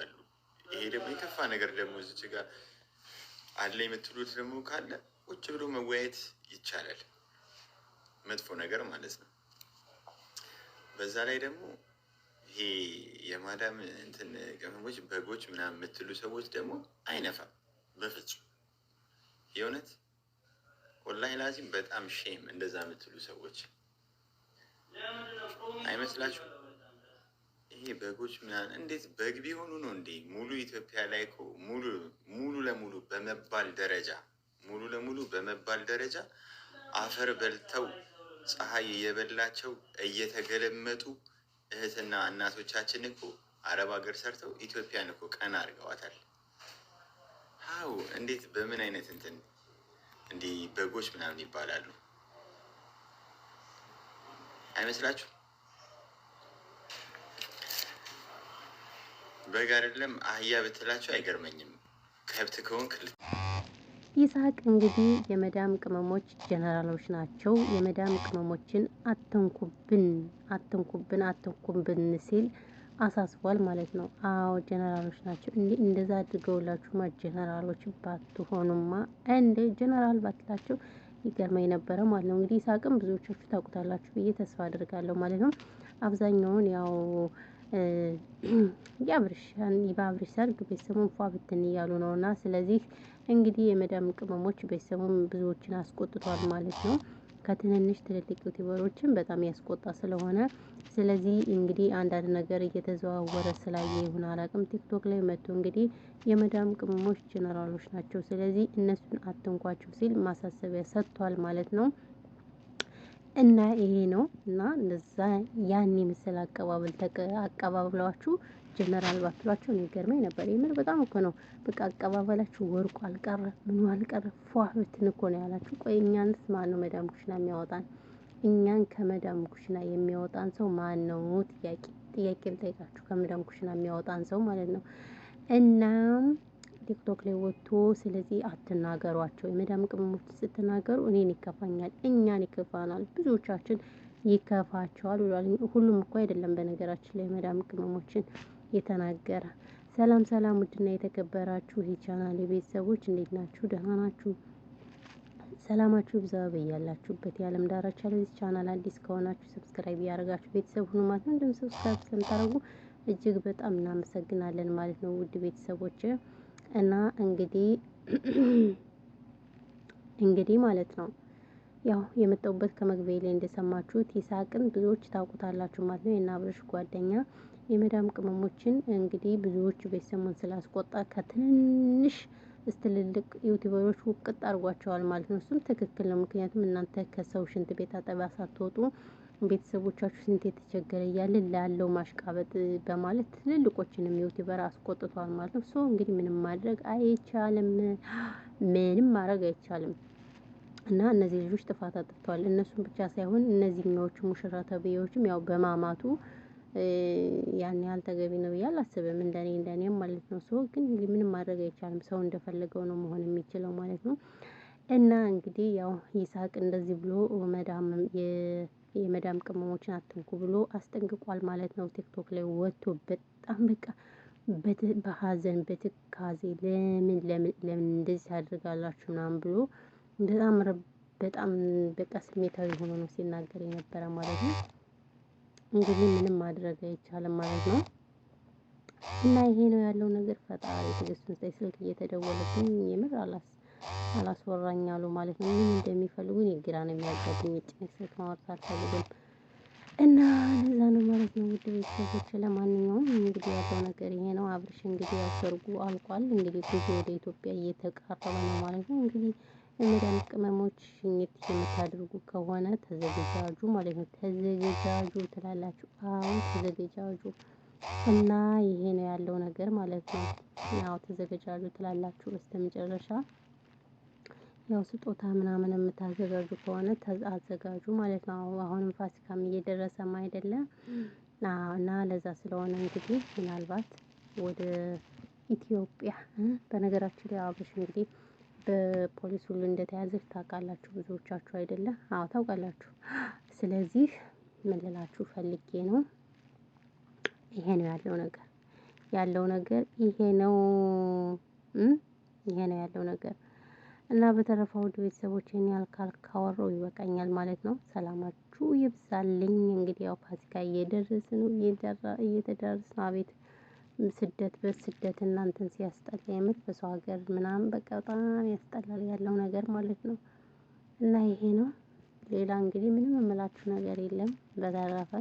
አሉ። ይሄ ደግሞ የከፋ ነገር ደግሞ እዚች ጋር አለ የምትሉት ደግሞ ካለ ቁጭ ብሎ መወያየት ይቻላል። መጥፎ ነገር ማለት ነው። በዛ ላይ ደግሞ ይሄ የማዳም እንትን ቅመሞች በጎች ምናምን የምትሉ ሰዎች ደግሞ አይነፋም በፍጹም የእውነት ወላሂ ላዚም በጣም ሼም እንደዛ የምትሉ ሰዎች አይመስላችሁም? ይሄ በጎች ምናምን እንዴት በግ ቢሆኑ ነው እንዴ? ሙሉ ኢትዮጵያ ላይ እኮ ሙሉ ሙሉ ለሙሉ በመባል ደረጃ ሙሉ ለሙሉ በመባል ደረጃ አፈር በልተው ፀሐይ እየበላቸው እየተገለመጡ እህትና እናቶቻችን እኮ አረብ ሀገር ሰርተው ኢትዮጵያን እኮ ቀና አድርገዋታል። ሀው እንዴት በምን አይነት እንትን እንዲህ በጎች ምናምን ይባላሉ አይመስላችሁ? በግ አይደለም አህያ ብትላቸው አይገርመኝም። ከብት ከሆንክ ይስሐቅ እንግዲህ የመዳም ቅመሞች ጀነራሎች ናቸው። የመዳም ቅመሞችን አትንኩብን፣ አትንኩብን፣ አትንኩብን ሲል አሳስቧል ማለት ነው። አዎ ጀነራሎች ናቸው። እንዲ እንደዛ አድርገውላችሁማ ጀነራሎች ባትሆኑማ፣ እንደ ጀነራል ባትላቸው ይገርመኝ ነበረ ማለት ነው። እንግዲህ ይስሐቅም ብዙዎቻችሁ ታውቁታላችሁ ብዬ ተስፋ አድርጋለሁ ማለት ነው። አብዛኛውን ያው የአብርሽን በአብርሽ ሰርግ ቤተሰቡን ፏ ብትን እያሉ ነው እና ስለዚህ እንግዲህ የመዳም ቅመሞች ቤተሰቡን ብዙዎችን አስቆጥቷል ማለት ነው። ከትንንሽ ትልልቅ ዩቲበሮችን በጣም ያስቆጣ ስለሆነ ስለዚህ እንግዲህ አንዳንድ ነገር እየተዘዋወረ ስላየ ይሁን አላቅም ቲክቶክ ላይ መጥቶ እንግዲህ የመዳም ቅመሞች ጀነራሎች ናቸው፣ ስለዚህ እነሱን አትንኳቸው ሲል ማሳሰቢያ ሰጥቷል ማለት ነው። እና ይሄ ነው እና እንደዛ ያን የምስል አቀባበል አቀባብለዋችሁ ጀነራል ባትሏቸው ነው ነበር። የምር በጣም እኮ ነው በቃ አቀባበላችሁ ወርቁ አልቀረ ምኑ አልቀረ ፏህትን እኮ ነው ያላችሁ። ቆይ እኛንስ ማን ነው መዳም ኩሽና የሚያወጣን? እኛን ከመዳም ኩሽና የሚያወጣን ሰው ማን ነው? ጥያቄ ጥያቄ ልጠይቃችሁ። ከመዳም ኩሽና የሚያወጣን ሰው ማለት ነው እናም ቲክቶክ ላይ ወጥቶ ስለዚህ አትናገሯቸው። የመዳም ቅመሞች ስትናገሩ እኔን ይከፋኛል፣ እኛን ይከፋናል፣ ብዙዎቻችን ይከፋቸዋል ብሏል። ሁሉም እኮ አይደለም በነገራችን ላይ የመዳም ቅመሞችን የተናገረ። ሰላም ሰላም፣ ውድና የተከበራችሁ የቻናል ቤተሰቦች እንዴት ናችሁ? ደህና ናችሁ? ሰላማችሁ ብዛ በያላችሁበት የዓለም ዳራቻ ለዚህ ቻናል አዲስ ከሆናችሁ ሰብስክራይብ ያደርጋችሁ ቤተሰብ ሁኑ ማለት ነው። እንዲሁም ሰብስክራይብ ስለምታደርጉ እጅግ በጣም እናመሰግናለን ማለት ነው ውድ ቤተሰቦች እና እንግዲህ እንግዲህ ማለት ነው ያው የመጣሁበት ከመግቢያ ላይ እንደሰማችሁት ይሳቅን ብዙዎች ታውቁታላችሁ ማለት ነው። የአብርሽ ጓደኛ የመዳም ቅመሞችን እንግዲህ ብዙዎች ቤተሰቡን ስላስቆጣ ከትንሽ እስትልልቅ ዩቲዩበሮች ውቅጥ አድርጓቸዋል ማለት ነው። እሱም ትክክል ነው። ምክንያቱም እናንተ ከሰው ሽንት ቤት አጠቢያ ሳትወጡ ቤተሰቦቻችሁ ስንት የተቸገረ እያለ ላለው ማሽቃበጥ በማለት ትልልቆችንም ዩቲበር አስቆጥቷል ማለት ነው። ሶ እንግዲህ ምንም ማድረግ አይቻልም፣ ምንም ማድረግ አይቻልም። እና እነዚህ ልጆች ጥፋት አጥፍተዋል። እነሱም ብቻ ሳይሆን እነዚህኛዎቹ ሙሽራ ተብዬዎችም ያው በማማቱ ያን ያህል ተገቢ ነው ብዬ አላስብም። እንደኔ እንደኔም ማለት ነው። ሶ ግን ምንም ማድረግ አይቻልም። ሰው እንደፈለገው ነው መሆን የሚችለው ማለት ነው። እና እንግዲህ ያው ይስሐቅ እንደዚህ ብሎ መዳም የመዳም ቅመሞችን አትንኩ ብሎ አስጠንቅቋል ማለት ነው። ቲክቶክ ላይ ወጥቶ በጣም በቃ በሀዘን በትካዜ ለምን ለምን እንደዚህ ያደርጋላችሁ ምናምን ብሎ በጣም በጣም በቃ ስሜታዊ ሆኖ ነው ሲናገር የነበረ ማለት ነው። እንግዲህ ምንም ማድረግ አይቻልም ማለት ነው። እና ይሄ ነው ያለው ነገር። ፈጣሪ ትዕግስቱን ስልክ እየተደወለብኝ የምር አላስ አላስወራኝ አሉ ማለት ነው። ምን እንደሚፈልጉ እኔ ግራ ነው የሚያጋብኝ። ጭን ስልክ ማውራት አልፈልግም እና እንደዛ ነው ማለት ነው። ውድ ቤተሰቦች ለማንኛውም እንግዲህ ያለው ነገር ይሄ ነው። አብርሽ እንግዲህ ያሰርጉ አልቋል። እንግዲህ ጉዞ ወደ ኢትዮጵያ እየተቃረበ ነው ማለት ነው። እንግዲህ የመድኃኒት ቅመሞች ሽኝት የምታደርጉ ከሆነ ተዘገጃጁ ማለት ነው። ተዘገጃጁ ትላላችሁ። አዎ ተዘገጃጁ እና ይሄ ነው ያለው ነገር ማለት ነው። ያው ተዘገጃጁ ትላላችሁ በስተመጨረሻ ያው ስጦታ ምናምን የምታዘጋጁ ከሆነ አዘጋጁ ማለት ነው። አሁንም ፋሲካም እየደረሰም አይደለም። እና ለዛ ስለሆነ እንግዲህ ምናልባት ወደ ኢትዮጵያ በነገራችን ላይ አብርሽ እንግዲህ በፖሊስ ሁሉ እንደተያዘች ታውቃላችሁ ብዙዎቻችሁ አይደለ? አዎ ታውቃላችሁ። ስለዚህ ምን ልላችሁ ፈልጌ ነው። ይሄ ነው ያለው ነገር ያለው ነገር ይሄ ነው። ይሄ ነው ያለው ነገር እና በተረፈ ውድ ቤተሰቦቼ ይሄን ያልካል ካወራው ይበቃኛል ማለት ነው። ሰላማችሁ ይብዛልኝ። እንግዲህ ያው ፋሲካ እየደረስ ነው እየተዳረስ ነው። አቤት ስደት በስደት እናንተን ሲያስጠላ የምር በሰው ሀገር ምናምን በቃ በጣም ያስጠላል ያለው ነገር ማለት ነው። እና ይሄ ነው። ሌላ እንግዲህ ምንም የምላችሁ ነገር የለም። በተረፈ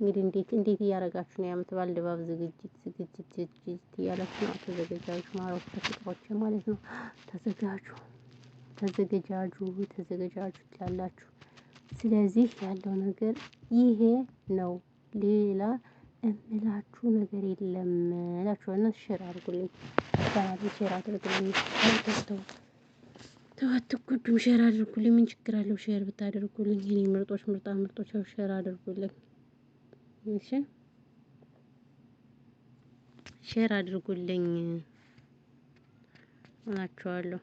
እንግዲህ እንዴት እንዴት እያደረጋችሁ ነው? የዓመት በዓል ድባብ ዝግጅት ዝግጅት ዝግጅት እያላችሁ ነው። ተዘገጃጁ ማሮች ተፍቅሮች ማለት ነው። ተዘጋጁ ተዘገጃጁ ተዘገጃጁ ትላላችሁ። ስለዚህ ያለው ነገር ይሄ ነው። ሌላ እምላችሁ ነገር የለም እላችኋና ሼር አድርጉልኝ። ባናሉ ሼር አድርጉልኝ። ተስተው ተዋት ጉዱም ሼር አድርጉልኝ። ምን ችግር አለው ሼር ብታደርጉልኝ? እኔ ምርጦች ምርጣ ምርጦች ሼር አድርጉልኝ። እሺ ሼር አድርጉልኝ እላችኋለሁ።